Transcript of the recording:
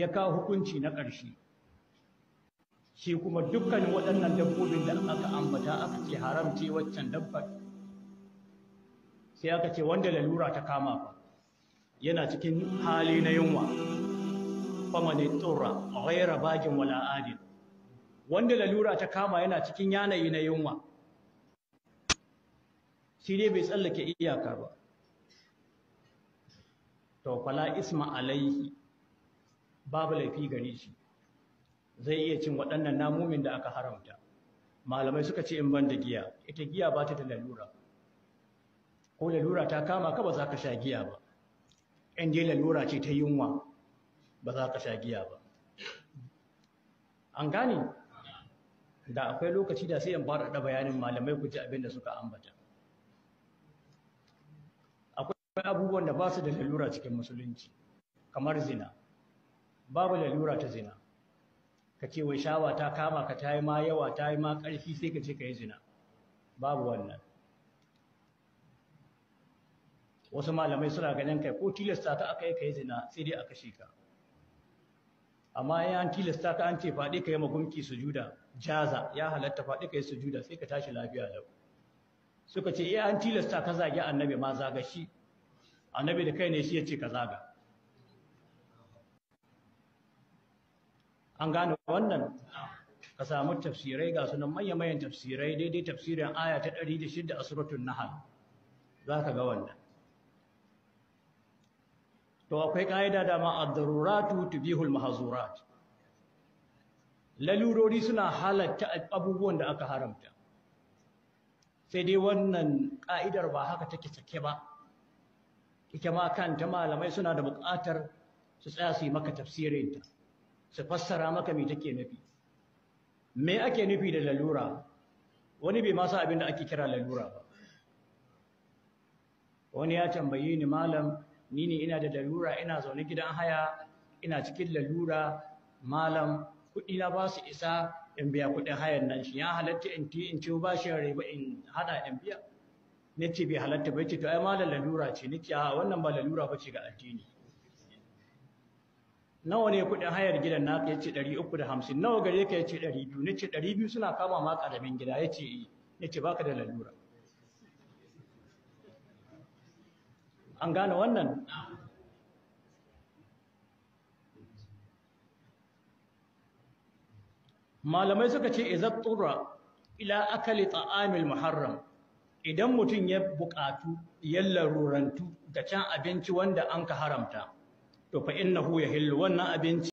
ya kawo hukunci na ƙarshe shi kuma dukkan waɗannan dabbobin da aka ambata aka ce haramce waccan dabbar sai aka ce wanda lalura ta kama ba yana cikin hali na yunwa famani turra ghaira bagin wala adil wanda lalura ta kama yana cikin yanayi na yunwa shi dai bai tsallake iyaka ba to fala isma alaihi babu laifi gare shi zai iya cin waɗannan namomin da aka haramta malamai suka ce in ban da giya ita giya ba ta da lalura ko lalura ta kama ka ba za ka sha giya ba in dai lalura ce ta yunwa ba za ka sha giya ba an gane da akwai lokaci da sai in fara da bayanin malamai ku ji abin da suka ambata akwai abubuwan da ba su da lalura cikin musulunci kamar zina babu lalura ta zina ka ce wai shawa ta kama ka ta yi ma yawa ta yi ma ƙarfi sai ka ce ka yi zina babu wannan wasu malamai suna ganin kai ko tilasta ta aka yi ka yi zina sai dai aka kashe amma ya an tilasta ka an ce faɗi ka yi magunki juda, jaza ya halatta faɗi ka yi su juda, sai ka tashi lafiya lau suka ce ya eh, an tilasta ka zagi annabi ma zaga shi annabi da kai ne shi ya ce ka zaga an gane wannan ka samu tafsirai ga sunan manya-manyan tafsirai daidai tafsirin aya ta 106 a suratul nahl za ka ga wannan to akwai ƙa'ida da ma'ad-daruratu tubihul mahzurat lalurori suna halatta abubuwan da aka haramta sai dai wannan ƙa'idar ba haka take sake ba ita ma kanta malamai suna da buƙatar su tsaya su yi maka tafsirinta su fassara maka mai take nufi me ake nufi da lalura wani bai masa abin da ake kira lalura ba wani ya tambayi ni malam ni ne ina da lalura ina zaune gidan haya ina cikin lalura malam kuɗi na ba su isa in biya kuɗin hayan nan shi ya halatta in ti in ciwo ba shi riba in hada in biya na ce bai halatta bai ce to ai malam lalura ce nake a wannan ba lalura ba ce ga addini nawa ne kudin hayar gidan naka ya ce ɗari uku da hamsin nawa gare ka ya ce ɗari biyu na ce ɗari biyu suna kama ma ƙaramin gida ya ce ya eh. ce baka da lalura an gane wannan malamai suka ce izat tura ila akali ta'amil muharram idan mutum ya buƙatu ya da can abinci wanda an ka haramta to fa innahu yahillu wannan abinci